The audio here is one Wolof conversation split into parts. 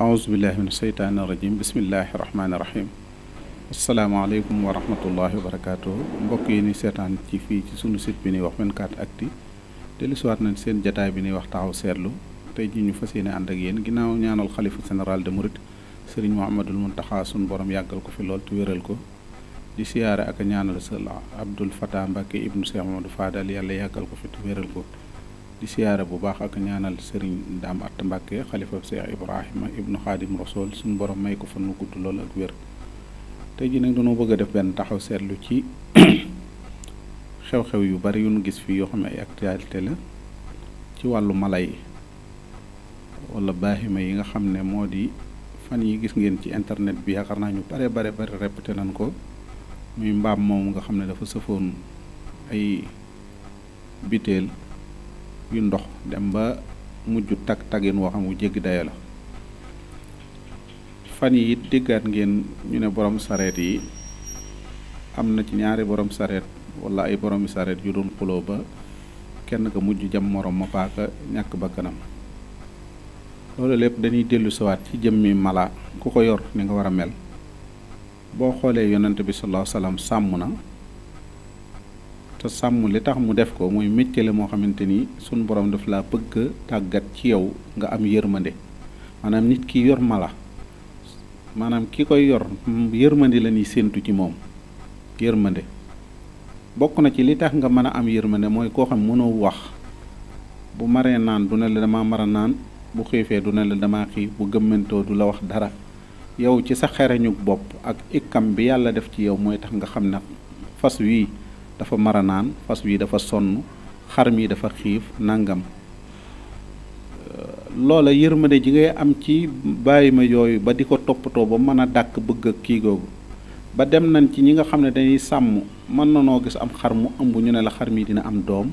aousubillahi min asheytaani irajim bismillahi rahmaani rahim asalaamaaleykum wa rahmatullahi wa barakatuhu mbokk yi ni seetaan ci fii ci sunu site bi ni wax 24 actu te li suwaat nañ seen jataay bi ni wax taxaw seetlu te ji ñu fas yéene ànd ak yéen ginnaaw ñaanal xalifa général seriñ Mouride sëriñ Mouhamadul Muntaxa sun borom yàggal ko fi lool tu wéral ko di siyaare ak a ñaanal sëriñ Abdul Fatah Mbàkke ibnu Cheikh Mamadou Fadal yàlla yàggal ko fi te wéral di siyaare bu baax ak ñaanal sëriñ daam at mbàkke xalifa cheikh ibrahima ibnu xaadim rasool suñu borom may ko fan mu gudd lool ak wér tey ji nag dañoo bëgg a def benn taxaw seetlu ci xew-xew yu bari yu nu gis fii yoo xam ne ay actualité la ci wàllu mala yi wala baaxima yi nga xam ne moo di fan yi gis ngeen ci internet bi yaakaar naa ñu bare bare bare répété nañ ko muy mbaam moom nga xam ne dafa sëfoon ay biteel yu ndox dem ba mujj tag tagin woo xam wu jéggi dayo la fan yi it déggaat ngeen ñu ne borom sareet yi am na ci ñaari borom sareet walla ay boromi sareet yu doon xuloo ba kenn ka mujj jam morom ma paaka ñàkk bakkanam loolu lépp dañuy dellu ci jëmmi mala ku ko yor ni nga war a mel boo xoolee yonent bi sallallahu alayhi sàmm na sa sàmm li tax mu def ko mooy métier la moo xamante ni sunu borom daf laa bëgg tàggat ci yow nga am yërmande maanaam nit ki yor mala maanaam ki koy yor yërmande la ñuy séentu ci moom yërmande bokk na ci li tax nga mën a am yërmande mooy koo xam mënoo wax bu maree naan duna ne la dama a naan bu xiifee du ne la dama xiif bu gëmmantoo du la wax dara yow ci sa xereñu bopp ak ikkam bi yàlla def ci yow mooy tax nga xam ne fas wii dafa mar a naan fas wi dafa sonn xar mi dafa xiif nangam euh, loola yërmade ji ngay am ci bàyyi ma yooyu ba di ko toppatoo ba mën a dàkk bëgg ak kii googu ba dem nañ ci ñi nga xam ne dañuy sàmm mën na noo gis am xar mu ëmb ñu ne la xar mi dina am doom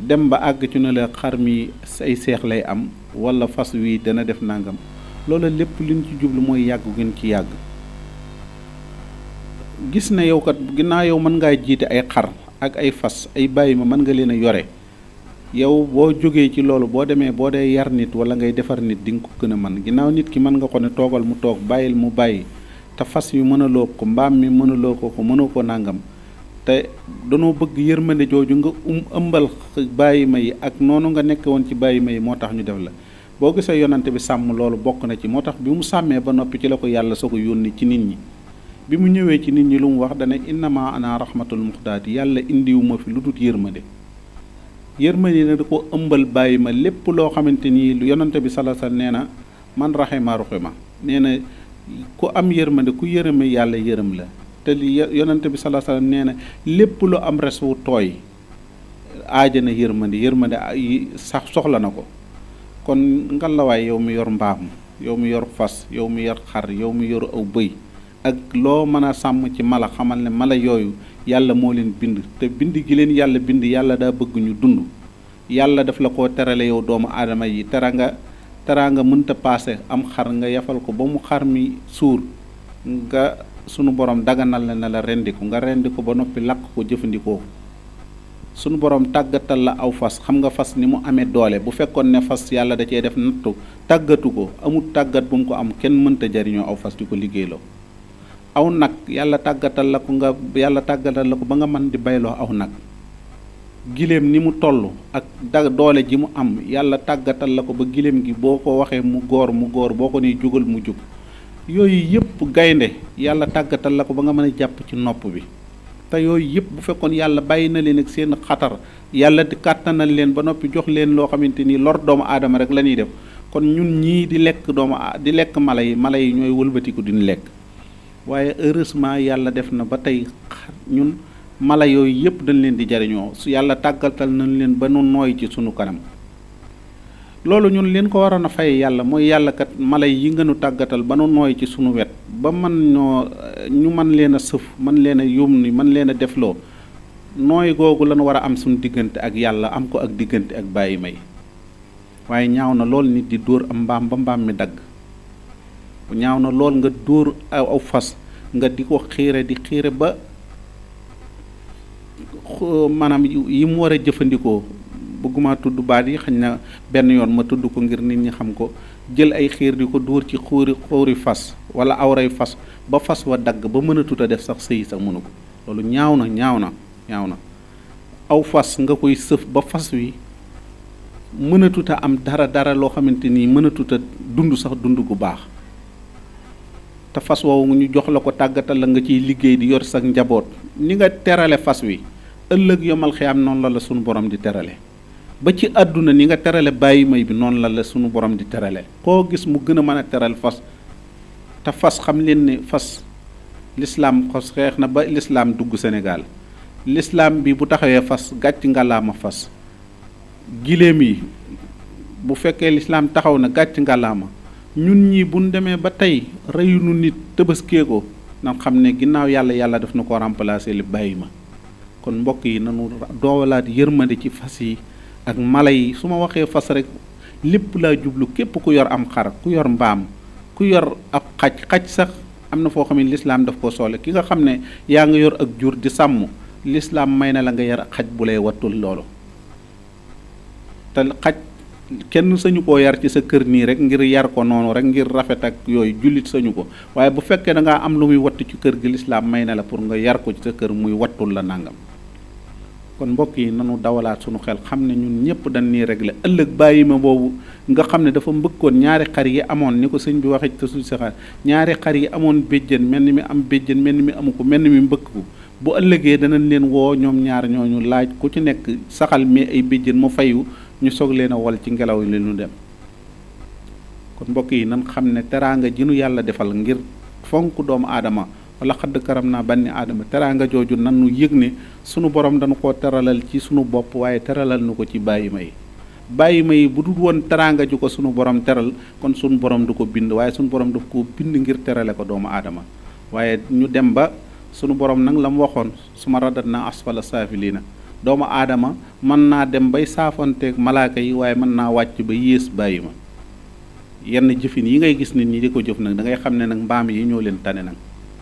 dem ba àgg ci ne la xar mi say seex lay am walla fas wi dana def nangam loola lépp li ñu ci jublu mooy yàgg gën ci yàgg gis ne yow kat ginnaaw yow man ngaa jiite ay xar ak ay fas ay bàyyi ma mën nga leen a yore yow boo jógee ci loolu boo demee boo dee yar nit wala ngay defar nit di nga ko gën a mën ginnaaw nit ki mën nga ko ne toogal mu toog bàyyil mu bàyyi te fas wi mënaloo ko mbaam mi mënaloo ko ko mënoo ko nàngam te danoo bëgg yërmande jooju nga um ëmbal bàyyi ma yi ak noonu nga nekk woon ci bàyyi ma yi moo tax ñu def la boo gisee yonante bi sàmm loolu bokk na ci moo tax bi mu sàmmee ba noppi ci la ko yàlla soo ko ci nit ñi bi mu ñëwee ci nit ñi lu mu wax dana innama ana rahmatul muxtaati yàlla indiwu ma fi lu dut yërmande yërmande ne da ko ëmbal bàyyi ma lépp loo xamante ni lu yonante bi salasal nee na man raxima ruxima nee na ku am yërmande ku yërëme yàlla yërëm la te li yonante bi salasal nee na lépp lu am res wu tooy aajana yërmande yërmande sax soxla na ko kon ngalawaay yow mi yor mbaam yow mu yor fas yow mu yor xar yow mu yor aw bëy ak loo mën a sàmm ci mala xamal ne mala yooyu yàlla moo leen bind te bind gi leen yàlla bind yàlla daa bëgg ñu dund yàlla daf la ko terale yow doomu aadama yi tera nga teraa nga mënta paase am xar nga yafal ko ba mu xar mi suur nga sunu borom daganal la na la rendi nga rendi ko ba noppi lakk ko jëfandikoo sunu borom tàggatal la aw fas xam nga fas ni mu amee doole bu fekkoon ne fas yàlla da cee def nattu tàggatu ko amul tàggat bu mu ko am kenn mënta jariñoo aw fas di ko liggéeyloo aw nag yàlla tàggatal la ko nga yàlla tàggatal la ko ba nga mën di bayloo aw nag giléem ni mu toll ak da doole ji mu am yàlla tàggatal la ko ba giléem gi boo ko waxee mu góor mu góor boo ko nee jógal mu jug yooyu yëpp gaynde yàlla tàggatal la ko ba nga mën a jàpp ci nopp bi te yooyu yëpp bu fekkoon yàlla bàyyi na leen ak seen xatar yàlla di kàttanal leen ba noppi jox leen loo xamante ni lor doomu aadama rek la ñuy def kon ñun ñii di lekk doomu di lekk mala yi mala yi ñooy wëlbatiku diñ lekk waaye heureusement yàlla def na ba tey ñun mala yooyu yëpp dañ leen di jariñoo su yàlla tàggatal nañ leen ba nu nooy ci sunu kanam loolu ñun leen ko waroon a fay yàlla mooy yàlla kat mala yi nga tàggatal ba nu nooy ci sunu wet ba man ñoo ñu man leen a sëf man leen a ni man leen a defloo nooy googu lañu war a am suñu diggante ak yàlla am ko ak diggante ak bàyyi may waaye ñaaw na lool nit di dóor am mbaam ba mbaam mi dagg ñaaw na lool nga dóor aw fas nga di ko xiire di xiire ba maanaam yi mu war a jëfandikoo bëgguma tudd baat yi xañ na benn yoon ma tudd ko ngir nit ñi xam ko jël ay xiir di ko dóor ci xóori xóori fas wala awray fas ba fas wa dagg ba mën a def sax sëyi sax mënu ko loolu ñaaw na ñaaw na ñaaw na aw fas nga koy sëf ba fas wi mën am dara dara loo xamante nii mën dund sax dund gu baax te fas woowu ñu jox la ko tàggatal la nga ciy liggéey di yor sa njaboot ni nga terale fas wi ëllëg yomal xiyaam noonu la la sunu borom di terale ba ci àdduna ni nga terale bàyyi may bi noonu la la sunu borom di terale koo gis mu gën a mën a teral fas te fas xam leen ne fas lislaam xos xeex na ba lislaam dugg Sénégal lislaam bi bu taxawee fas gàcc ngalaama fas giléem yi bu fekkee lislaam taxaw na gàcc ngalaama ñun ñi buñ demee ba tey reyunu nit tëbëskee ko na xam ne ginnaaw yàlla yàlla daf na ko remplacer li bàyyi ma kon mbokk yi nanu doowalaat yërmande ci fas yi ak mala yi su ma waxee fas rek lépp laa jublu képp ku yor am xar ku yor mbaam ku yor ab xaj xaj sax am na foo xam ne lislaam daf ko sole ki nga xam ne yaa ngi yor ak jur di sàmm lislaam may na la nga yar xaj bu lay wattul loolu te xaj kenn sañu koo yar ci sa kër nii rek ngir yar ko noonu rek ngir rafet ak yooyu jullit sañu ko waaye bu fekkee da ngaa am lu muy wattu ci kër gi lislaam may na la pour nga yar ko ci sa kër muy wattul la nangam kon mbokk yi nanu dawalaat suñu xel xam ne ñun ñëpp dañ nii la ëllëg bàyyi ma boobu nga xam ne dafa mbëkkoon ñaari xar yi amoon ni ko sëñ bi waxee ci suñu saxaar ñaari xar yi amoon béjjën mel ni mi am béjjën mel ni mi amu ko mel ni mi mbëkk bu ëllëgee danañ leen woo ñoom ñaar ñooñu laaj ku ci nekk saxal mi ay béjjën mu fayu ñu soog leen a wol ci ngelaw li ñu dem kon mbokk yi nan xam ne teraanga ji nu yàlla defal ngir fonk doomu aadama wala xadd karam naa banni aadama teraanga jooju nan nu yëg ne sunu borom danu ko teralal ci sunu bopp waaye teralal nu ko ci bàyyi ma yi bàyyi ma yi bu dul woon teraanga ju ko sunu borom teral kon sunu borom du ko bind waaye sunu borom daf ko bind ngir terale ko doomu aadama waaye ñu dem ba sunu borom nag la mu waxoon su ma radat naa asfala saafiliina doomu aadama mën naa dem bay saafonteeg malaaka yi waaye mën naa wàcc ba yées bàyyi ma yenn jëfin yi ngay gis nit ñi di ko jëf nag da ngay xam ne nag mbaam yi ñoo leen tane nag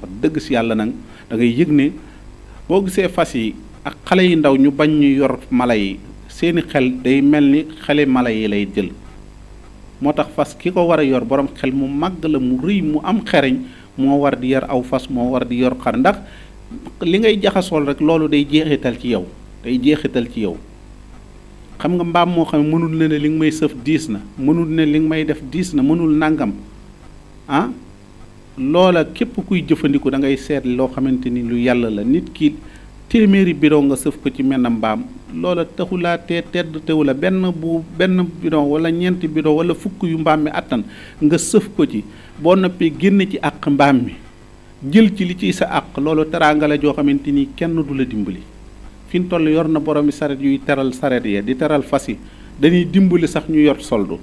wax dëgg si yàlla nag da ngay yëg ne boo gisee fas yi ak xale yi ndaw ñu bañ ñu yor mala yi seeni xel day mel ni xele mala yi lay jël moo tax fas ki ko war a yor borom xel mu màgg la mu rëy mu am xereñ moo war di yar aw fas moo war di yor xar ndax li ngay jaxasool rek loolu day jeexital ci yow tey jeexital ci yow xam nga mbaam moo xam ne mënul ne li nga may sëf diis na mënul ne li nga may def diis na mënul nangam ah loola képp kuy jëfandiku da ngay seet loo xamante ni lu yàlla la nit ki téeméeri bidon nga sëf ko ci menn mbaam loola taxulaa tee tedd tewu la benn bu benn bidon wala ñeenti bidon wala fukk yu mbaam mi àttan nga sëf ko ci boo noppee génn ci àq mbaam mi jël ci li ciy sa àq loolu teraanga joo xamante ni kenn du la dimbali fi ñu toll yor na boromi saret yuy teral saret ya di teral fas yi dañuy dimbali sax ñu yor soldu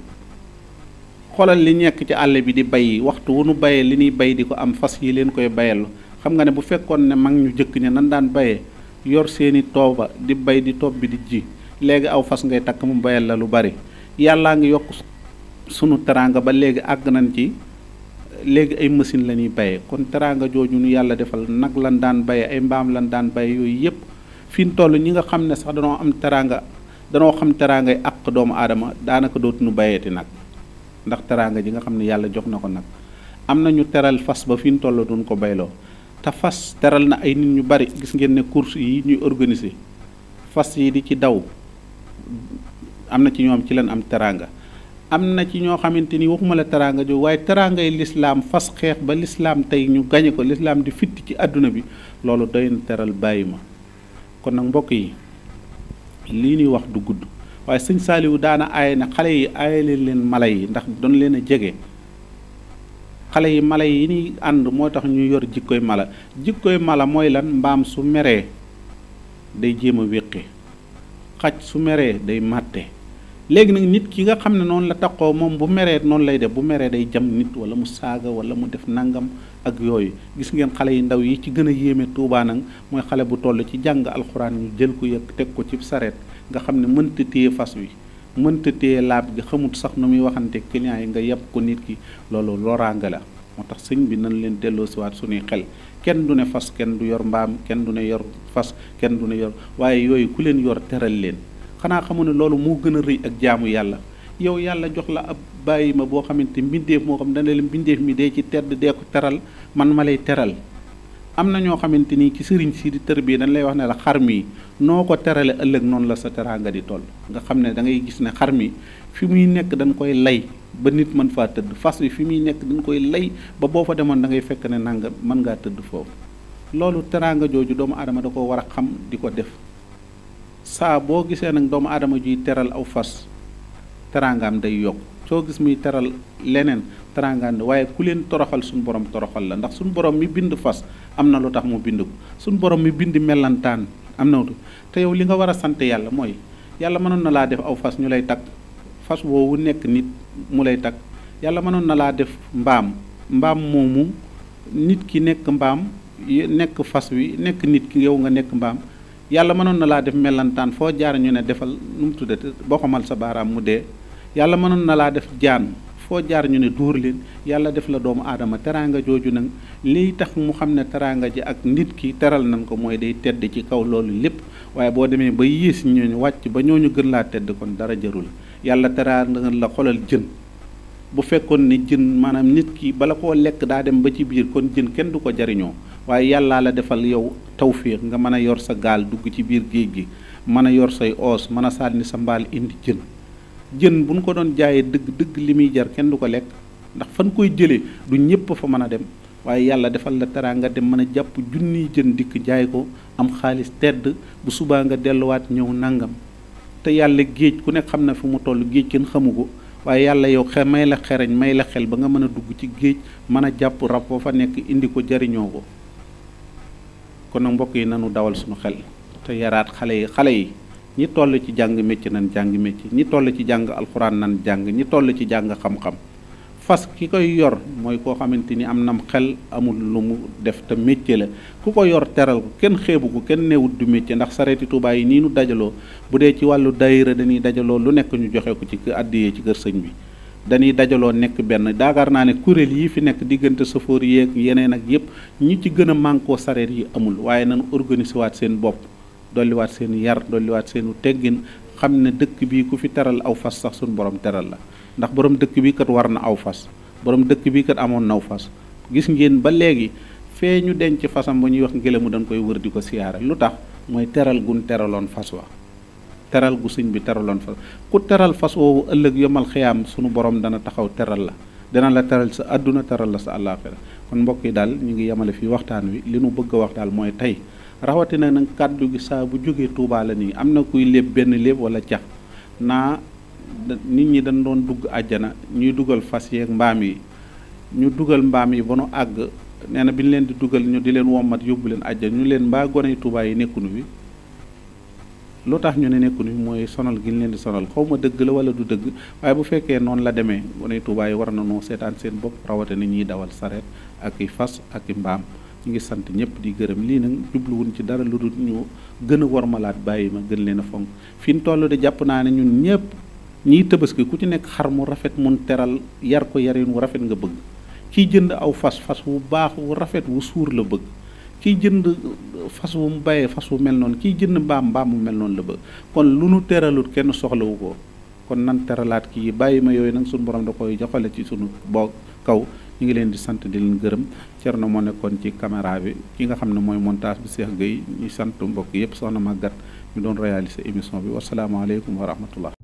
xoolal li ñekk ci àll bi di bay waxtu wu nu bayee li ñuy bay di ko am fas yi leen koy bayal xam nga ne bu fekkoon ne mag ñu jëkk ña nan daan bayee yor seeni tooba di bay di toob bi di ji léegi aw fas ngay takk mu bayal la lu bari yàllaa ngi yokk sunu teraanga ba léegi àgg nañ ci léegi ay machine la ñuy bayee kon teraanga jooju nu yàlla defal nag lan daan bayee ay mbaam lan daan bayee yooyu yépp fi ñu toll ñi nga xam ne sax danoo am teraanga danoo xam teraangay àq doomu aadama daanaka dootuñu bayeeti nag ndax teraanga ji nga xam ne yàlla jox na ko nag am na ñu teral fas ba fi ñu toll duñ ko bayloo te fas teral na ay nit ñu bari gis ngeen ne course yi ñuy organiser fas yi di ci daw am na ci ñoom ci leen am teraanga am na ci ñoo xamante ni waxuma la teraanga jo waaye teraangay lislaam fas xeex ba lislaam tey ñu gañe ko lislaam di fitti ci àdduna bi loolu doy teral bàyyi ma kon nag mbokk yi lii nuy wax du gudd waaye sëñ Saaliwu daana aaye na xale yi aaye leen mala yi ndax doon leen a jege xale yi mala yi ñuy ànd moo tax ñu yor jikkoy mala jikkoy mala mooy lan mbaam su meree day jéem a wéqi xaj su meree day màtte léegi nag nit ki nga xam ne noonu la taxoo moom bu meree noonu lay def bu meree day jam nit wala mu saaga wala mu def nangam ak yooyu gis ngeen xale yi ndaw yi ci gën a yéeme Touba nag mooy xale bu toll ci jàng alxuraan ñu jël ko yëg teg ko ci sareet nga xam ne mënta téye fas wi mënta téye laab gi xamut sax nu muy waxante client yi nga yeb ko nit ki loolu loraanga la moo tax sëñ bi nañ leen delloo siwaat suñuy xel kenn du ne fas kenn du yor mbaam kenn du ne yor fas kenn du ne yor waaye yooyu ku leen yor teral leen xanaa xamu ne loolu moo gën a rëy ak jaamu yàlla yow yàlla jox la ab bàyyi ma boo xamante mbindeef moo xam dana la mbindeef mi dee ci tedd dee ko teral man ma lay teral am na ñoo xamante ni ci sëriñ si di tër bii dañ lay wax ne la xar mii noo ko terale ëllëg noonu la sa teraanga di toll nga xam ne dangay gis ne xar mi fi muy nekk dañ koy lay ba nit mën faa tëdd fas wi fi muy nekk dañ koy lay ba boo fa demoon da ngay fekk ne nanga mën ngaa tëdd foofu loolu teraanga jooju doomu aadama da ko war a xam di ko def saa boo gisee nag doomu aadama juy teral aw fas teraangaam day yokk soo gis muy teral leneen teraangaande waaye ku leen toroxal suñu borom toroxal la ndax suñu borom mi bind fas am na lu tax mu bind ko suñu borom mi bind melantaan am na te yow li nga war a sant yàlla mooy yàlla mënoon na laa def aw fas ñu lay takk fas woowu nekk nit mu lay takk yàlla mënoon na laa def mbaam mbaam moomu nit ki nekk mbaam nekk fas wi nekk nit ki yow nga nekk mbaam yàlla mënoon na laa def mellentaan foo jaar ñu ne defal nu mu tuddati boo xamal sa baaraam mu dee yàlla mënoon na laa def jaan foo jaar ñu ne dóor leen yàlla def la doomu aadama teraanga jooju nag liy tax mu xam ne teraanga ji ak nit ki teral nañ ko mooy day tedd ci kaw loolu lépp waaye boo demee ba yées ñooñu wàcc ba ñu gën laa tedd kon dara jaru la yàlla teraanga la xolal jën bu fekkoon ne jën maanaam nit ki ba la koo lekk daa dem ba ci biir kon jën kenn du ko jariñoo waaye yàllaa la defal yow tawféex nga mën a yor sa gaal dugg ci biir géej gi mën a yor say oos mën a sànni sa mbaal indi jën jën bu ñu ko doon jaayee dëgg dëgg li muy jar kenn du ko lekk ndax fan koy jëlee du ñëpp fa mën a dem waaye yàlla defal la teraa nga dem mën a jàpp junniy jën dikk jaay ko am xaalis tedd bu subaa nga delluwaat ñëw nangam te yàlla géej ku nekk xam na fi mu toll géej kenn xamu ko waaye yàlla yow xe may la xereñ may la xel ba nga mën a dugg ci géej mën a jàpp rab ba fa nekk indi ko jariñoo ko kon nag mbokk yi nanu dawal suñu xel te yaraat xale yi xale yi ñi toll ci jàng mécc nan jàng mécc ñi toll ci jàng alxuraan nan jàng ñi toll ci jàng xam-xam fas ki koy yor mooy koo xamante ni am nam xel amul lu mu def te métier la ku ko yor teral kenn xeebu ko kenn newut du métier ndax sareeti Tuubaa yi nii nu dajaloo bu dee ci wàllu daayira dañuy dajaloo lu nekk ñu joxe ko ci àddiyee ci kër sëñ bi dañuy dajaloo nekk benn daagaar naa ne kuréel yii fi nekk diggante safoor yeeg yeneen ak yépp ñi ci gën a mànkoo sareet yi amul waaye nañu organiser waat seen bopp dolliwaat seen yar dolliwaat seenu teggin xam ne dëkk bii ku fi teral aw fas sax suñu borom teral la ndax borom dëkk bii kat war na aw fas borom dëkk bii kat amoon naw fas gis ngeen ba léegi fee ñu denc fasam ba ñuy wax ngelamu dañ koy wër di ko siyaare lu tax mooy teral gun teraloon fas wa teral gu sëñ bi teraloon fas ku teral fas woowu ëllëg yomal xiyaam sunu borom dana taxaw teral la dana la teral sa àdduna teral la sa àllaaxira kon mbokk yi daal ñu ngi yemale fii waxtaan wi li nu bëgg a wax mooy tey rawatina nag kàddu gi saa bu jógee tuubaala nii am na kuy léeb benn léeb wala cax naa nit ñi dañ doon dugg àjjana ñuy dugal fas yeeg mbaam yi ñu dugal mbaam yi ba nu àgg nee na bi ñu leen di dugal ñu di leen wommat yóbbu leen àjjana ñu leen mbaa gone Touba yi nekkunu bi lu tax ñu ne nekkunu bi mooy sonal gi ñu leen di sonal xaw ma dëgg la wala du dëgg waaye bu fekkee noonu la demee gone Touba yi war na noo seetaan seen bopp rawatina ñuy dawal sareet ak i fas ak mbaam ñu ngi sant ñëpp di gërëm lii nag jubluwuñ ci dara lu dul ñu gën a wormalaat bàyyi ma gën leen a fonk fii ñu toll de jàpp naa ne ñun ñëpp ñii tëbaski ku ci nekk xar mu rafet mun teral yar ko yarin wu rafet nga bëgg kiy jënd aw fas fas wu baax wu rafet wu suur la bëgg kiy jënd uh, fas wu mu bayee fas wu mel noonu kiy jënd mbaam mbaam mu mel noonu la bëgg kon lu nu teralut kenn soxlawu ko kon nan teralaat kii bàyyi ma yooyu nag suñu borom da koy joxale ci sunu boo kaw ñu ngi leen di sant di leen gërëm na moo nekkoon ci caméra bi ki nga xam ne mooy montage bi Cheikh Gueye ñu sant mbokk yëpp soxna màggat ñu doon réaliser émission bi wasalaamaaleykum wa rahmatullah